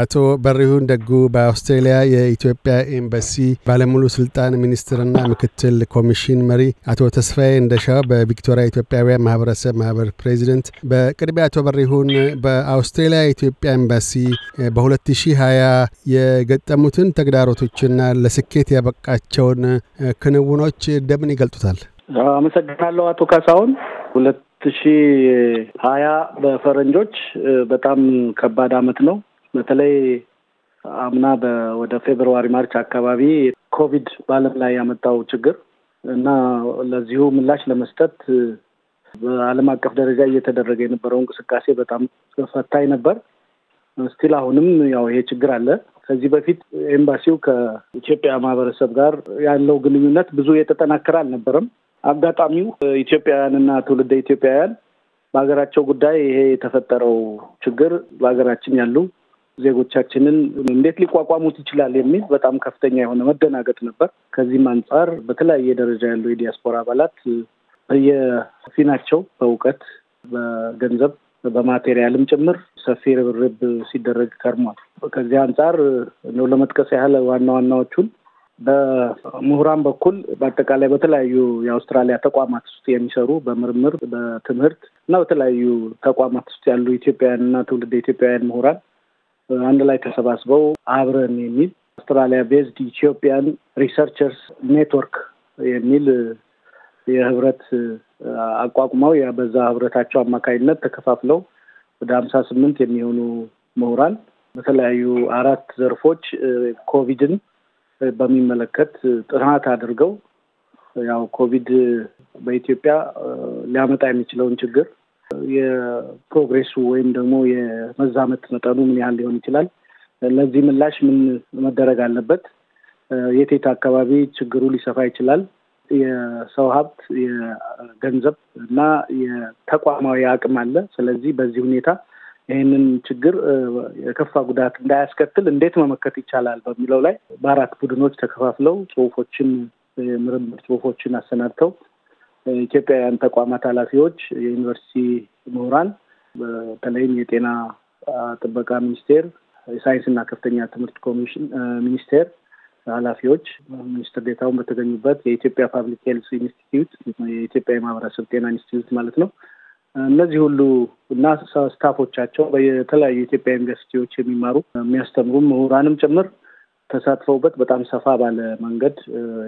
አቶ በሪሁን ደጉ በአውስትሬሊያ የኢትዮጵያ ኤምባሲ ባለሙሉ ስልጣን ሚኒስትርና ምክትል ኮሚሽን መሪ፣ አቶ ተስፋዬ እንደሻው በቪክቶሪያ ኢትዮጵያውያን ማህበረሰብ ማህበር ፕሬዚደንት። በቅድሚያ አቶ በሪሁን በአውስትሬሊያ የኢትዮጵያ ኤምባሲ በ2020 የገጠሙትን ተግዳሮቶችና ለስኬት ያበቃቸውን ክንውኖች እንደምን ይገልጡታል? አመሰግናለሁ አቶ ካሳሁን። ሁለት ሺህ ሀያ በፈረንጆች በጣም ከባድ አመት ነው። በተለይ አምና ወደ ፌብርዋሪ ማርች አካባቢ ኮቪድ በዓለም ላይ ያመጣው ችግር እና ለዚሁ ምላሽ ለመስጠት በዓለም አቀፍ ደረጃ እየተደረገ የነበረው እንቅስቃሴ በጣም ፈታኝ ነበር። ስቲል አሁንም ያው ይሄ ችግር አለ። ከዚህ በፊት ኤምባሲው ከኢትዮጵያ ማህበረሰብ ጋር ያለው ግንኙነት ብዙ የተጠናከረ አልነበረም። አጋጣሚው ኢትዮጵያውያንና ትውልደ ኢትዮጵያውያን በሀገራቸው ጉዳይ ይሄ የተፈጠረው ችግር በሀገራችን ያሉ ዜጎቻችንን እንዴት ሊቋቋሙት ይችላል የሚል በጣም ከፍተኛ የሆነ መደናገጥ ነበር። ከዚህም አንጻር በተለያየ ደረጃ ያሉ የዲያስፖራ አባላት በየፊናቸው በእውቀት፣ በገንዘብ፣ በማቴሪያልም ጭምር ሰፊ ርብርብ ሲደረግ ከርሟል። ከዚህ አንጻር እንደው ለመጥቀስ ያህል ዋና ዋናዎቹን በምሁራን በኩል በአጠቃላይ በተለያዩ የአውስትራሊያ ተቋማት ውስጥ የሚሰሩ በምርምር በትምህርት እና በተለያዩ ተቋማት ውስጥ ያሉ ኢትዮጵያውያን እና ትውልድ ኢትዮጵያውያን ምሁራን አንድ ላይ ተሰባስበው አብረን የሚል አውስትራሊያ ቤዝድ ኢትዮጵያን ሪሰርቸርስ ኔትወርክ የሚል የህብረት አቋቁመው በዛ ህብረታቸው አማካኝነት ተከፋፍለው ወደ ሀምሳ ስምንት የሚሆኑ ምሁራን በተለያዩ አራት ዘርፎች ኮቪድን በሚመለከት ጥናት አድርገው ያው ኮቪድ በኢትዮጵያ ሊያመጣ የሚችለውን ችግር የፕሮግሬሱ ወይም ደግሞ የመዛመት መጠኑ ምን ያህል ሊሆን ይችላል? ለዚህ ምላሽ ምን መደረግ አለበት? የቴት አካባቢ ችግሩ ሊሰፋ ይችላል? የሰው ሀብት፣ የገንዘብ እና የተቋማዊ አቅም አለ። ስለዚህ በዚህ ሁኔታ ይህንን ችግር የከፋ ጉዳት እንዳያስከትል እንዴት መመከት ይቻላል በሚለው ላይ በአራት ቡድኖች ተከፋፍለው ጽሁፎችን የምርምር ጽሁፎችን አሰናድተው ኢትዮጵያውያን ተቋማት ኃላፊዎች፣ የዩኒቨርሲቲ ምሁራን፣ በተለይም የጤና ጥበቃ ሚኒስቴር፣ የሳይንስና ከፍተኛ ትምህርት ኮሚሽን ሚኒስቴር ኃላፊዎች ሚኒስትር ዴታውን በተገኙበት የኢትዮጵያ ፓብሊክ ሄልስ ኢንስቲትዩት የኢትዮጵያ የማህበረሰብ ጤና ኢንስቲትዩት ማለት ነው። እነዚህ ሁሉ እና ስታፎቻቸው በተለያዩ የኢትዮጵያ ዩኒቨርሲቲዎች የሚማሩ የሚያስተምሩ ምሁራንም ጭምር ተሳትፈውበት በጣም ሰፋ ባለ መንገድ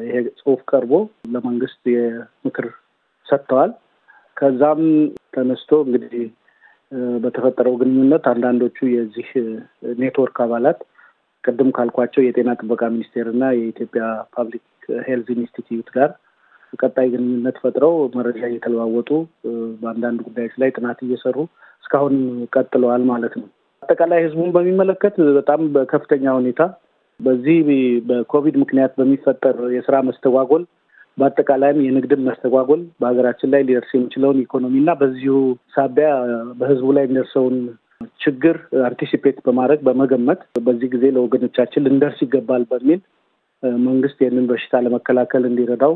ይሄ ጽሁፍ ቀርቦ ለመንግስት የምክር ሰጥተዋል። ከዛም ተነስቶ እንግዲህ በተፈጠረው ግንኙነት አንዳንዶቹ የዚህ ኔትወርክ አባላት ቅድም ካልኳቸው የጤና ጥበቃ ሚኒስቴር እና የኢትዮጵያ ፓብሊክ ሄልዝ ኢንስቲትዩት ጋር ቀጣይ ግንኙነት ፈጥረው መረጃ እየተለዋወጡ በአንዳንድ ጉዳዮች ላይ ጥናት እየሰሩ እስካሁን ቀጥለዋል ማለት ነው። አጠቃላይ ህዝቡን በሚመለከት በጣም በከፍተኛ ሁኔታ በዚህ በኮቪድ ምክንያት በሚፈጠር የስራ መስተጓጎል በአጠቃላይም የንግድን መስተጓጎል በሀገራችን ላይ ሊደርስ የሚችለውን ኢኮኖሚ እና በዚሁ ሳቢያ በህዝቡ ላይ የሚደርሰውን ችግር አንቲሲፔት በማድረግ በመገመት በዚህ ጊዜ ለወገኖቻችን ልንደርስ ይገባል በሚል መንግስት ይህንን በሽታ ለመከላከል እንዲረዳው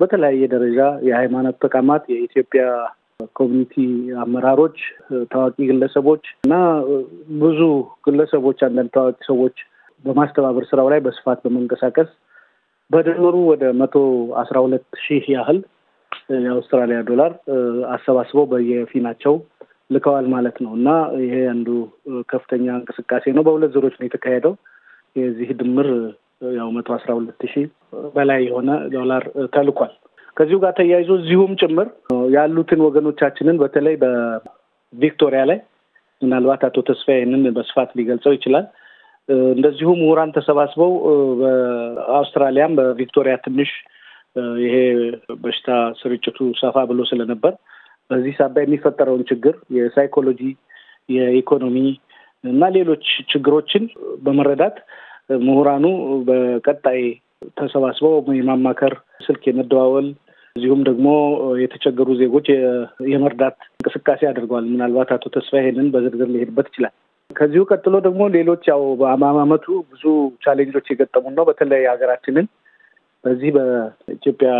በተለያየ ደረጃ የሃይማኖት ተቋማት፣ የኢትዮጵያ ኮሚኒቲ አመራሮች፣ ታዋቂ ግለሰቦች እና ብዙ ግለሰቦች አንዳንድ ታዋቂ ሰዎች በማስተባበር ስራው ላይ በስፋት በመንቀሳቀስ በድምሩ ወደ መቶ አስራ ሁለት ሺህ ያህል የአውስትራሊያ ዶላር አሰባስበው በየፊናቸው ልከዋል ማለት ነው እና ይሄ አንዱ ከፍተኛ እንቅስቃሴ ነው። በሁለት ዙሮች ነው የተካሄደው። የዚህ ድምር ያው መቶ አስራ ሁለት ሺህ በላይ የሆነ ዶላር ተልኳል። ከዚሁ ጋር ተያይዞ እዚሁም ጭምር ያሉትን ወገኖቻችንን በተለይ በቪክቶሪያ ላይ ምናልባት አቶ ተስፋ ይህንን በስፋት ሊገልጸው ይችላል እንደዚሁ ምሁራን ተሰባስበው በአውስትራሊያም በቪክቶሪያ ትንሽ ይሄ በሽታ ስርጭቱ ሰፋ ብሎ ስለነበር በዚህ ሳቢያ የሚፈጠረውን ችግር የሳይኮሎጂ፣ የኢኮኖሚ እና ሌሎች ችግሮችን በመረዳት ምሁራኑ በቀጣይ ተሰባስበው የማማከር ስልክ የመደዋወል እዚሁም ደግሞ የተቸገሩ ዜጎች የመርዳት እንቅስቃሴ አድርገዋል። ምናልባት አቶ ተስፋ ይሄንን በዝርዝር ሊሄድበት ይችላል። ከዚሁ ቀጥሎ ደግሞ ሌሎች ያው በአማማመቱ ብዙ ቻሌንጆች የገጠሙን ነው። በተለይ ሀገራችንን በዚህ በኢትዮጵያ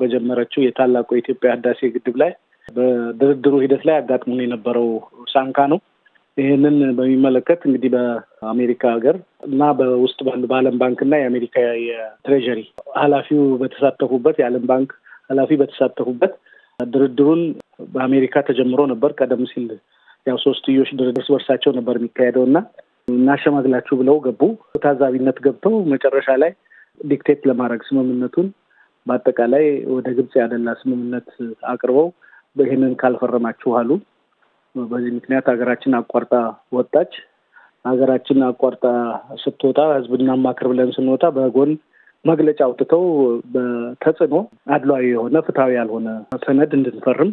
በጀመረችው የታላቁ የኢትዮጵያ ህዳሴ ግድብ ላይ በድርድሩ ሂደት ላይ አጋጥሞን የነበረው ሳንካ ነው። ይህንን በሚመለከት እንግዲህ በአሜሪካ ሀገር እና በውስጥ ባሉ በዓለም ባንክ እና የአሜሪካ የትሬጀሪ ኃላፊው በተሳተፉበት የዓለም ባንክ ኃላፊ በተሳተፉበት ድርድሩን በአሜሪካ ተጀምሮ ነበር ቀደም ሲል ያው ሶስትዮሽ ድርድር በርሳቸው ነበር የሚካሄደው እና እናሸማግላችሁ ብለው ገቡ። ታዛቢነት ገብተው መጨረሻ ላይ ዲክቴት ለማድረግ ስምምነቱን በአጠቃላይ ወደ ግብፅ ያደላ ስምምነት አቅርበው ይህንን ካልፈረማችሁ አሉ። በዚህ ምክንያት ሀገራችን አቋርጣ ወጣች። ሀገራችን አቋርጣ ስትወጣ ህዝብና አማክር ብለን ስንወጣ በጎን መግለጫ አውጥተው በተጽዕኖ አድሏዊ የሆነ ፍትሐዊ ያልሆነ ሰነድ እንድንፈርም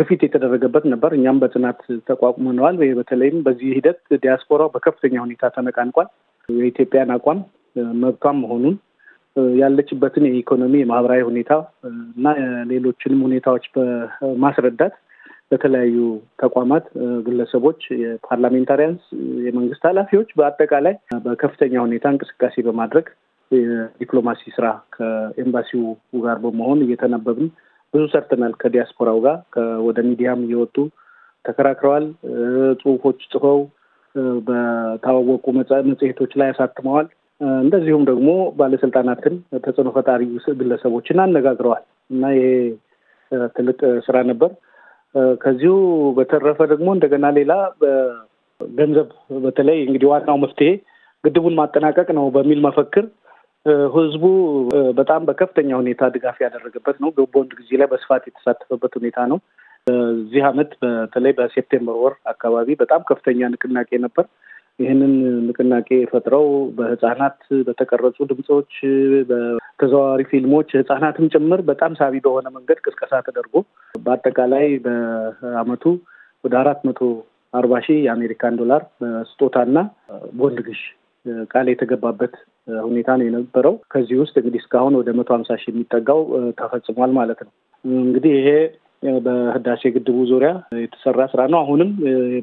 ግፊት የተደረገበት ነበር። እኛም በጥናት ተቋቁመነዋል። በተለይም በዚህ ሂደት ዲያስፖራው በከፍተኛ ሁኔታ ተነቃንቋል። የኢትዮጵያን አቋም መብቷም መሆኑን ያለችበትን የኢኮኖሚ የማህበራዊ ሁኔታ እና ሌሎችንም ሁኔታዎች በማስረዳት በተለያዩ ተቋማት፣ ግለሰቦች፣ የፓርላሜንታሪያንስ፣ የመንግስት ኃላፊዎች በአጠቃላይ በከፍተኛ ሁኔታ እንቅስቃሴ በማድረግ የዲፕሎማሲ ስራ ከኤምባሲው ጋር በመሆን እየተነበብን ብዙ ሰርተናል። ከዲያስፖራው ጋር ወደ ሚዲያም እየወጡ ተከራክረዋል። ጽሁፎች ጽፈው በታወቁ መጽሔቶች ላይ አሳትመዋል። እንደዚሁም ደግሞ ባለስልጣናትን፣ ተጽዕኖ ፈጣሪ ግለሰቦችን አነጋግረዋል እና ይሄ ትልቅ ስራ ነበር። ከዚሁ በተረፈ ደግሞ እንደገና ሌላ በገንዘብ በተለይ እንግዲህ ዋናው መፍትሄ ግድቡን ማጠናቀቅ ነው በሚል መፈክር ህዝቡ በጣም በከፍተኛ ሁኔታ ድጋፍ ያደረገበት ነው። በቦንድ ጊዜ ላይ በስፋት የተሳተፈበት ሁኔታ ነው። በዚህ አመት በተለይ በሴፕቴምበር ወር አካባቢ በጣም ከፍተኛ ንቅናቄ ነበር። ይህንን ንቅናቄ ፈጥረው በህጻናት በተቀረጹ ድምፆች፣ በተዘዋዋሪ ፊልሞች ህጻናትም ጭምር በጣም ሳቢ በሆነ መንገድ ቅስቀሳ ተደርጎ በአጠቃላይ በአመቱ ወደ አራት መቶ አርባ ሺህ የአሜሪካን ዶላር ስጦታና ቦንድ ግሽ ቃል የተገባበት ሁኔታ ነው የነበረው። ከዚህ ውስጥ እንግዲህ እስካሁን ወደ መቶ ሀምሳ ሺህ የሚጠጋው ተፈጽሟል ማለት ነው። እንግዲህ ይሄ በህዳሴ ግድቡ ዙሪያ የተሰራ ስራ ነው። አሁንም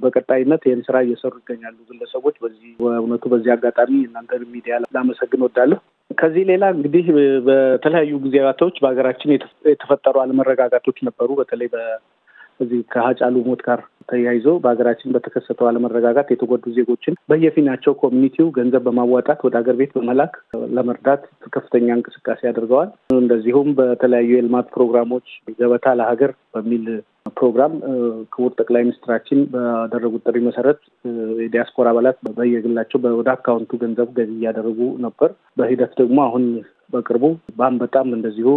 በቀጣይነት ይህን ስራ እየሰሩ ይገኛሉ ግለሰቦች። በዚህ በእውነቱ በዚህ አጋጣሚ እናንተ ሚዲያ ላመሰግን ወዳለሁ። ከዚህ ሌላ እንግዲህ በተለያዩ ጊዜያቶች በሀገራችን የተፈጠሩ አለመረጋጋቶች ነበሩ። በተለይ እዚህ ከሀጫሉ ሞት ጋር ተያይዞ በሀገራችን በተከሰተው አለመረጋጋት የተጎዱ ዜጎችን በየፊናቸው ኮሚኒቲው ገንዘብ በማዋጣት ወደ ሀገር ቤት በመላክ ለመርዳት ከፍተኛ እንቅስቃሴ አድርገዋል። እንደዚሁም በተለያዩ የልማት ፕሮግራሞች ገበታ ለሀገር በሚል ፕሮግራም ክቡር ጠቅላይ ሚኒስትራችን ባደረጉት ጥሪ መሰረት የዲያስፖራ አባላት በየግላቸው ወደ አካውንቱ ገንዘብ ገቢ እያደረጉ ነበር። በሂደት ደግሞ አሁን በቅርቡ በአንበጣም እንደዚሁ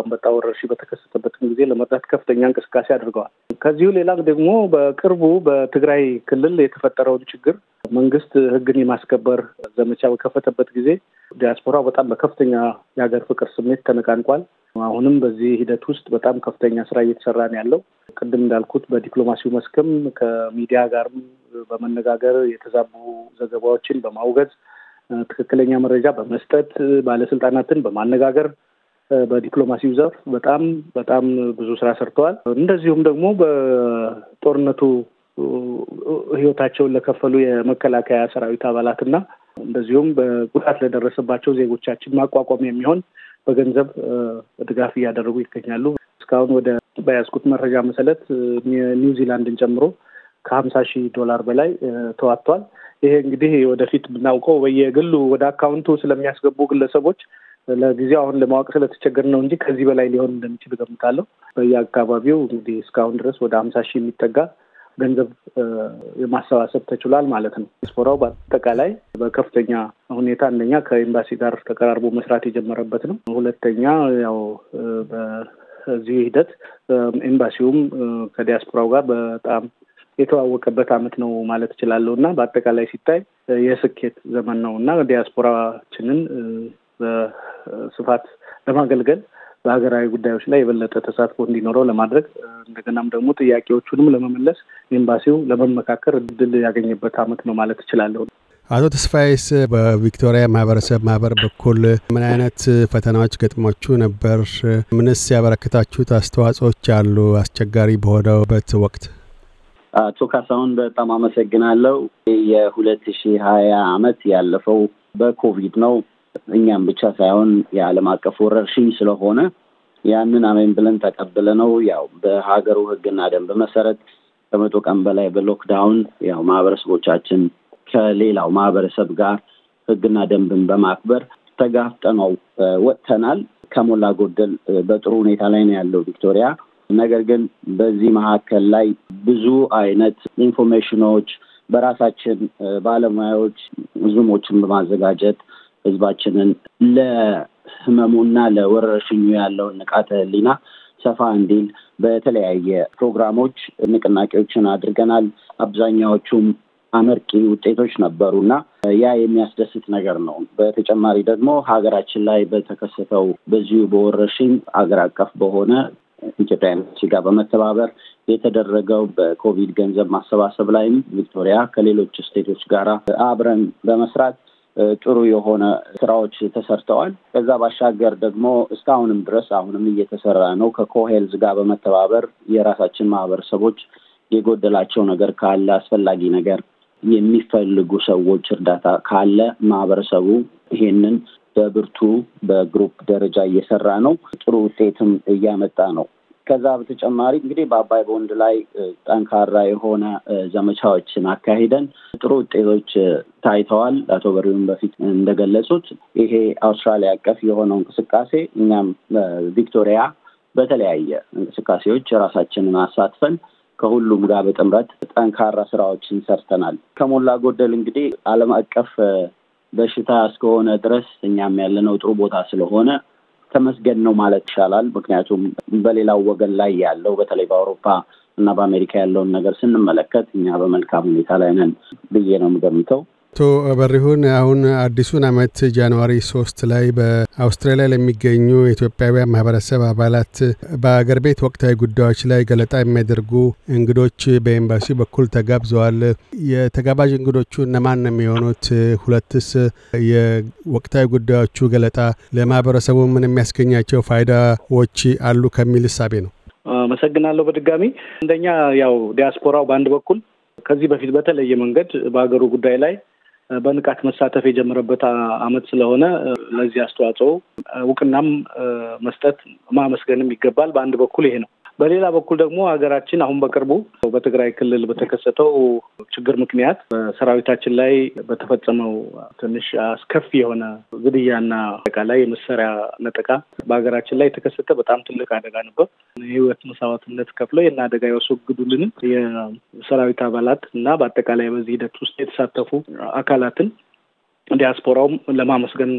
አንበጣ ወረርሽኝ በተከሰተበትም ጊዜ ለመርዳት ከፍተኛ እንቅስቃሴ አድርገዋል። ከዚሁ ሌላ ደግሞ በቅርቡ በትግራይ ክልል የተፈጠረውን ችግር መንግስት ሕግን የማስከበር ዘመቻ በከፈተበት ጊዜ ዲያስፖራ በጣም በከፍተኛ የሀገር ፍቅር ስሜት ተነቃንቋል። አሁንም በዚህ ሂደት ውስጥ በጣም ከፍተኛ ስራ እየተሰራ ነው ያለው። ቅድም እንዳልኩት በዲፕሎማሲው መስክም ከሚዲያ ጋርም በመነጋገር የተዛቡ ዘገባዎችን በማውገዝ ትክክለኛ መረጃ በመስጠት ባለስልጣናትን በማነጋገር በዲፕሎማሲው ዘርፍ በጣም በጣም ብዙ ስራ ሰርተዋል። እንደዚሁም ደግሞ በጦርነቱ ህይወታቸውን ለከፈሉ የመከላከያ ሰራዊት አባላትና እንደዚሁም በጉዳት ለደረሰባቸው ዜጎቻችን ማቋቋም የሚሆን በገንዘብ ድጋፍ እያደረጉ ይገኛሉ። እስካሁን ወደ በያዝኩት መረጃ መሰለት ኒውዚላንድን ጨምሮ ከሀምሳ ሺህ ዶላር በላይ ተዋጥቷል። ይሄ እንግዲህ ወደፊት ብናውቀው በየግሉ ወደ አካውንቱ ስለሚያስገቡ ግለሰቦች ለጊዜው አሁን ለማወቅ ስለተቸገር ነው እንጂ ከዚህ በላይ ሊሆን እንደሚችል እገምታለሁ። በየአካባቢው እንግዲህ እስካሁን ድረስ ወደ ሀምሳ ሺህ የሚጠጋ ገንዘብ የማሰባሰብ ተችሏል ማለት ነው። ዲያስፖራው በአጠቃላይ በከፍተኛ ሁኔታ አንደኛ ከኤምባሲ ጋር ተቀራርቦ መስራት የጀመረበት ነው። ሁለተኛ ያው በዚህ ሂደት ኤምባሲውም ከዲያስፖራው ጋር በጣም የተዋወቀበት አመት ነው ማለት እችላለሁ እና በአጠቃላይ ሲታይ የስኬት ዘመን ነው እና ዲያስፖራችንን በስፋት ለማገልገል በሀገራዊ ጉዳዮች ላይ የበለጠ ተሳትፎ እንዲኖረው ለማድረግ እንደገናም ደግሞ ጥያቄዎቹንም ለመመለስ ኤምባሲው ለመመካከር እድል ያገኘበት አመት ነው ማለት እችላለሁ። አቶ ተስፋዬስ በቪክቶሪያ ማህበረሰብ ማህበር በኩል ምን አይነት ፈተናዎች ገጥሟችሁ ነበር? ምንስ ያበረከታችሁት አስተዋጽኦች አሉ? አስቸጋሪ በሆነበት ወቅት አቶ ካሳሁን በጣም አመሰግናለሁ። የሁለት ሺህ ሀያ አመት ያለፈው በኮቪድ ነው። እኛም ብቻ ሳይሆን የዓለም አቀፍ ወረርሽኝ ስለሆነ ያንን አሜን ብለን ተቀብለ ነው ያው በሀገሩ ህግና ደንብ መሰረት ከመቶ ቀን በላይ በሎክዳውን ያው ማህበረሰቦቻችን ከሌላው ማህበረሰብ ጋር ህግና ደንብን በማክበር ተጋፍጠነው ወጥተናል። ከሞላ ጎደል በጥሩ ሁኔታ ላይ ነው ያለው ቪክቶሪያ። ነገር ግን በዚህ መካከል ላይ ብዙ አይነት ኢንፎርሜሽኖች በራሳችን ባለሙያዎች ዙሞችን በማዘጋጀት ህዝባችንን ለህመሙና ለወረርሽኙ ያለውን ንቃተ ህሊና ሰፋ እንዲል በተለያየ ፕሮግራሞች ንቅናቄዎችን አድርገናል። አብዛኛዎቹም አመርቂ ውጤቶች ነበሩ እና ያ የሚያስደስት ነገር ነው። በተጨማሪ ደግሞ ሀገራችን ላይ በተከሰተው በዚሁ በወረርሽኝ አገር አቀፍ በሆነ ኢትዮጵያኖች ጋር በመተባበር የተደረገው በኮቪድ ገንዘብ ማሰባሰብ ላይም ቪክቶሪያ ከሌሎች ስቴቶች ጋር አብረን በመስራት ጥሩ የሆነ ስራዎች ተሰርተዋል። ከዛ ባሻገር ደግሞ እስካሁንም ድረስ አሁንም እየተሰራ ነው። ከኮሄልዝ ጋር በመተባበር የራሳችን ማህበረሰቦች የጎደላቸው ነገር ካለ አስፈላጊ ነገር የሚፈልጉ ሰዎች እርዳታ ካለ ማህበረሰቡ ይሄንን በብርቱ በግሩፕ ደረጃ እየሰራ ነው። ጥሩ ውጤትም እያመጣ ነው። ከዛ በተጨማሪ እንግዲህ በአባይ ቦንድ ላይ ጠንካራ የሆነ ዘመቻዎችን አካሂደን ጥሩ ውጤቶች ታይተዋል። አቶ በሪውን በፊት እንደገለጹት ይሄ አውስትራሊያ አቀፍ የሆነው እንቅስቃሴ እኛም ቪክቶሪያ በተለያየ እንቅስቃሴዎች ራሳችንን አሳትፈን ከሁሉም ጋር በጥምረት ጠንካራ ስራዎችን ሰርተናል። ከሞላ ጎደል እንግዲህ ዓለም አቀፍ በሽታ እስከሆነ ድረስ እኛም ያለነው ጥሩ ቦታ ስለሆነ ተመስገን ነው ማለት ይሻላል። ምክንያቱም በሌላው ወገን ላይ ያለው በተለይ በአውሮፓ እና በአሜሪካ ያለውን ነገር ስንመለከት እኛ በመልካም ሁኔታ ላይ ነን ብዬ ነው የምገምተው። አቶ በሪሁን አሁን አዲሱን ዓመት ጃንዋሪ ሶስት ላይ በአውስትራሊያ ለሚገኙ ኢትዮጵያውያን ማህበረሰብ አባላት በአገር ቤት ወቅታዊ ጉዳዮች ላይ ገለጣ የሚያደርጉ እንግዶች በኤምባሲ በኩል ተጋብዘዋል። የተጋባዥ እንግዶቹ እነማን ነው የሚሆኑት? ሁለትስ የወቅታዊ ጉዳዮቹ ገለጣ ለማህበረሰቡ ምን የሚያስገኛቸው ፋይዳዎች አሉ ከሚል እሳቤ ነው። አመሰግናለሁ። በድጋሚ አንደኛ ያው ዲያስፖራው በአንድ በኩል ከዚህ በፊት በተለየ መንገድ በሀገሩ ጉዳይ ላይ በንቃት መሳተፍ የጀመረበት አመት ስለሆነ ለዚህ አስተዋጽኦ እውቅናም መስጠት ማመስገንም ይገባል። በአንድ በኩል ይሄ ነው። በሌላ በኩል ደግሞ ሀገራችን አሁን በቅርቡ በትግራይ ክልል በተከሰተው ችግር ምክንያት በሰራዊታችን ላይ በተፈጸመው ትንሽ አስከፊ የሆነ ግድያና አጠቃላይ የመሳሪያ ነጠቃ በሀገራችን ላይ የተከሰተ በጣም ትልቅ አደጋ ነበር። የህይወት መስዋዕትነት ከፍለው ይህን አደጋ ያስወግዱልንም የሰራዊት አባላት እና በአጠቃላይ በዚህ ሂደት ውስጥ የተሳተፉ አካላትን ዲያስፖራውም ለማመስገን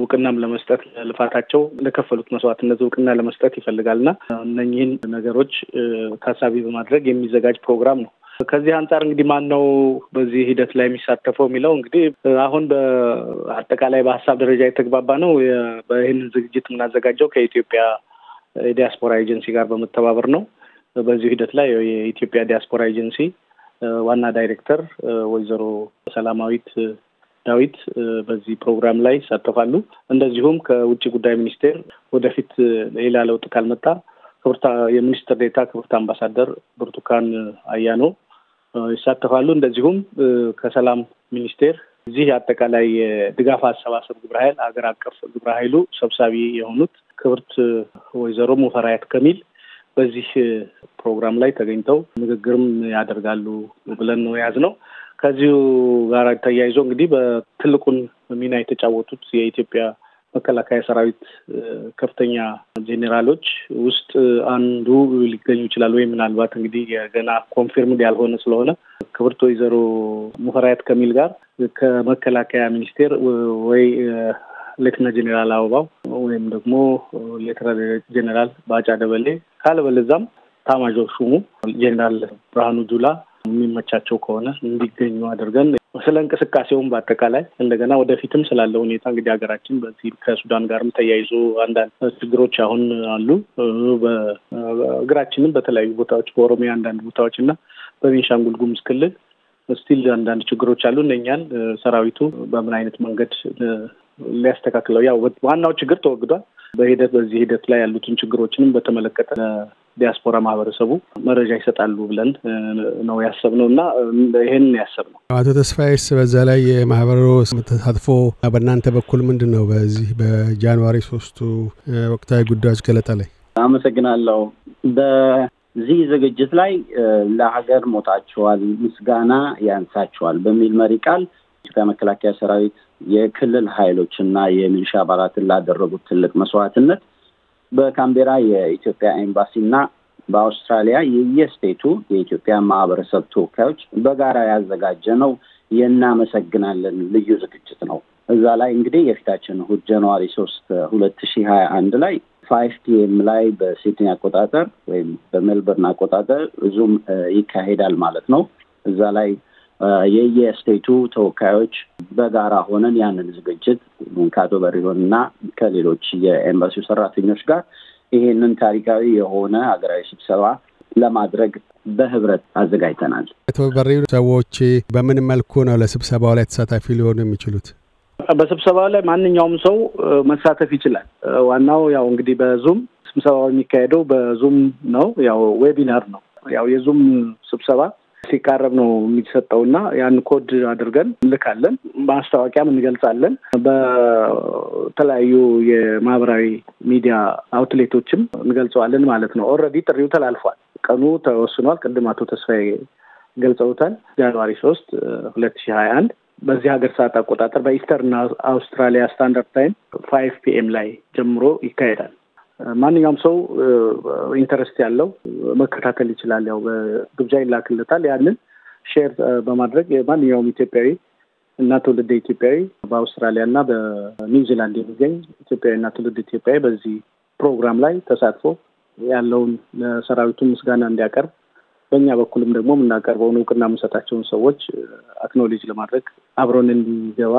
እውቅናም ለመስጠት ልፋታቸው ለከፈሉት መስዋዕትነት እውቅና ለመስጠት ይፈልጋል እና እነኚህን ነገሮች ታሳቢ በማድረግ የሚዘጋጅ ፕሮግራም ነው። ከዚህ አንጻር እንግዲህ ማን ነው በዚህ ሂደት ላይ የሚሳተፈው የሚለው እንግዲህ አሁን በአጠቃላይ በሀሳብ ደረጃ የተግባባ ነው። ይህንን ዝግጅት የምናዘጋጀው ከኢትዮጵያ የዲያስፖራ ኤጀንሲ ጋር በመተባበር ነው። በዚሁ ሂደት ላይ የኢትዮጵያ ዲያስፖራ ኤጀንሲ ዋና ዳይሬክተር ወይዘሮ ሰላማዊት ዳዊት በዚህ ፕሮግራም ላይ ይሳተፋሉ። እንደዚሁም ከውጭ ጉዳይ ሚኒስቴር ወደፊት ሌላ ለውጥ ካልመጣ የሚኒስትር ዴታ ክብርት አምባሳደር ብርቱካን አያኖ ይሳተፋሉ። እንደዚሁም ከሰላም ሚኒስቴር እዚህ አጠቃላይ የድጋፍ አሰባሰብ ግብረ ኃይል ሀገር አቀፍ ግብረ ኃይሉ ሰብሳቢ የሆኑት ክብርት ወይዘሮ ሙፈራያት ከሚል በዚህ ፕሮግራም ላይ ተገኝተው ንግግርም ያደርጋሉ ብለን ነው የያዝነው። ከዚሁ ጋር ተያይዞ እንግዲህ በትልቁን ሚና የተጫወቱት የኢትዮጵያ መከላከያ ሰራዊት ከፍተኛ ጄኔራሎች ውስጥ አንዱ ሊገኙ ይችላል ወይ? ምናልባት እንግዲህ የገና ኮንፊርምድ ያልሆነ ስለሆነ ክብርት ወይዘሮ ሙፈሪያት ከሚል ጋር ከመከላከያ ሚኒስቴር ወይ ሌትና ጄኔራል አበባው ወይም ደግሞ ሌትና ጄኔራል ባጫ ደበሌ ካለበለዛም ታማዦር ሹሙ ጄኔራል ብርሃኑ ጁላ የሚመቻቸው ከሆነ እንዲገኙ አድርገን ስለ እንቅስቃሴውም በአጠቃላይ እንደገና ወደፊትም ስላለው ሁኔታ እንግዲህ ሀገራችን በዚህ ከሱዳን ጋርም ተያይዞ አንዳንድ ችግሮች አሁን አሉ። በእግራችንም በተለያዩ ቦታዎች በኦሮሚያ አንዳንድ ቦታዎች እና በቤንሻንጉል ጉሙዝ ክልል ስቲል አንዳንድ ችግሮች አሉ። እነኛን ሰራዊቱ በምን አይነት መንገድ ሊያስተካክለው ያው ዋናው ችግር ተወግዷል። በሂደት በዚህ ሂደት ላይ ያሉትን ችግሮችንም በተመለከተ ዲያስፖራ ማህበረሰቡ መረጃ ይሰጣሉ ብለን ነው ያሰብነው እና ይህንን ያሰብነው። አቶ ተስፋዬስ በዛ ላይ የማህበሩ ተሳትፎ በእናንተ በኩል ምንድን ነው? በዚህ በጃንዋሪ ሶስቱ ወቅታዊ ጉዳዮች ገለጣ ላይ አመሰግናለሁ። በዚህ ዝግጅት ላይ ለሀገር ሞታችኋል፣ ምስጋና ያንሳችኋል በሚል መሪ ቃል የኢትዮጵያ መከላከያ ሰራዊት የክልል ኃይሎች እና የሚሊሻ አባላትን ላደረጉት ትልቅ መስዋዕትነት በካምቤራ የኢትዮጵያ ኤምባሲና በአውስትራሊያ የየስቴቱ የኢትዮጵያ ማህበረሰብ ተወካዮች በጋራ ያዘጋጀ ነው የእናመሰግናለን ልዩ ዝግጅት ነው። እዛ ላይ እንግዲህ የፊታችን እሑድ ጃንዋሪ ሶስት ሁለት ሺ ሀያ አንድ ላይ ፋይቭ ፒኤም ላይ በሲድኒ አቆጣጠር ወይም በሜልበርን አቆጣጠር ዙም ይካሄዳል ማለት ነው። እዛ ላይ የየስቴቱ ተወካዮች በጋራ ሆነን ያንን ዝግጅት ከአቶ በሪሆን እና ከሌሎች የኤምባሲው ሰራተኞች ጋር ይሄንን ታሪካዊ የሆነ ሀገራዊ ስብሰባ ለማድረግ በህብረት አዘጋጅተናል። አቶ በሪሁ ሰዎች በምን መልኩ ነው ለስብሰባው ላይ ተሳታፊ ሊሆኑ የሚችሉት? በስብሰባው ላይ ማንኛውም ሰው መሳተፍ ይችላል። ዋናው ያው እንግዲህ በዙም ስብሰባው የሚካሄደው በዙም ነው። ያው ዌቢናር ነው። ያው የዙም ስብሰባ ሲቃረብ ነው የሚሰጠው እና ያን ኮድ አድርገን እንልካለን። ማስታወቂያም እንገልጻለን። በተለያዩ የማህበራዊ ሚዲያ አውትሌቶችም እንገልጸዋለን ማለት ነው። ኦልሬዲ ጥሪው ተላልፏል። ቀኑ ተወስኗል። ቅድም አቶ ተስፋዬ ገልጸውታል። ጃንዋሪ ሶስት ሁለት ሺህ ሀያ አንድ በዚህ ሀገር ሰዓት አቆጣጠር በኢስተርን አውስትራሊያ ስታንዳርድ ታይም ፋይቭ ፒኤም ላይ ጀምሮ ይካሄዳል። ማንኛውም ሰው ኢንተረስት ያለው መከታተል ይችላል። ያው በግብዣ ይላክለታል። ያንን ሼር በማድረግ ማንኛውም ኢትዮጵያዊ እና ትውልድ ኢትዮጵያዊ በአውስትራሊያ እና በኒውዚላንድ የሚገኝ ኢትዮጵያዊ እና ትውልድ ኢትዮጵያዊ በዚህ ፕሮግራም ላይ ተሳትፎ ያለውን ለሰራዊቱ ምስጋና እንዲያቀርብ በእኛ በኩልም ደግሞ የምናቀርበውን እውቅና የምንሰጣቸውን ሰዎች አክኖሌጅ ለማድረግ አብሮን እንዲገባ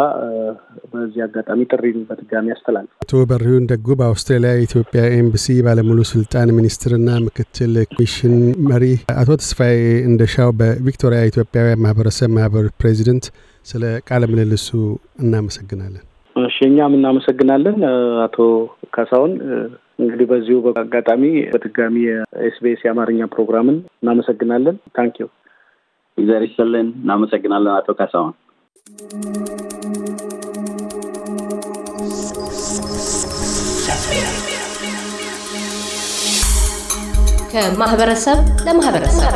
በዚህ አጋጣሚ ጥሪን በድጋሚ ያስተላልፋል። አቶ በሪሁን ደጉ በአውስትራሊያ ኢትዮጵያ ኤምባሲ ባለሙሉ ስልጣን ሚኒስትርና ምክትል ኮሚሽን መሪ፣ አቶ ተስፋዬ እንደሻው በቪክቶሪያ ኢትዮጵያውያን ማህበረሰብ ማህበር ፕሬዚደንት፣ ስለ ቃለ ምልልሱ እናመሰግናለን። እሺ፣ እኛም እናመሰግናለን አቶ ካሳሁን። እንግዲህ በዚሁ በአጋጣሚ በድጋሚ የኤስቢኤስ የአማርኛ ፕሮግራምን እናመሰግናለን። ታንኪዩ ይዘር ይስጥልን። እናመሰግናለን አቶ ካሳሁን። ከማህበረሰብ ለማህበረሰብ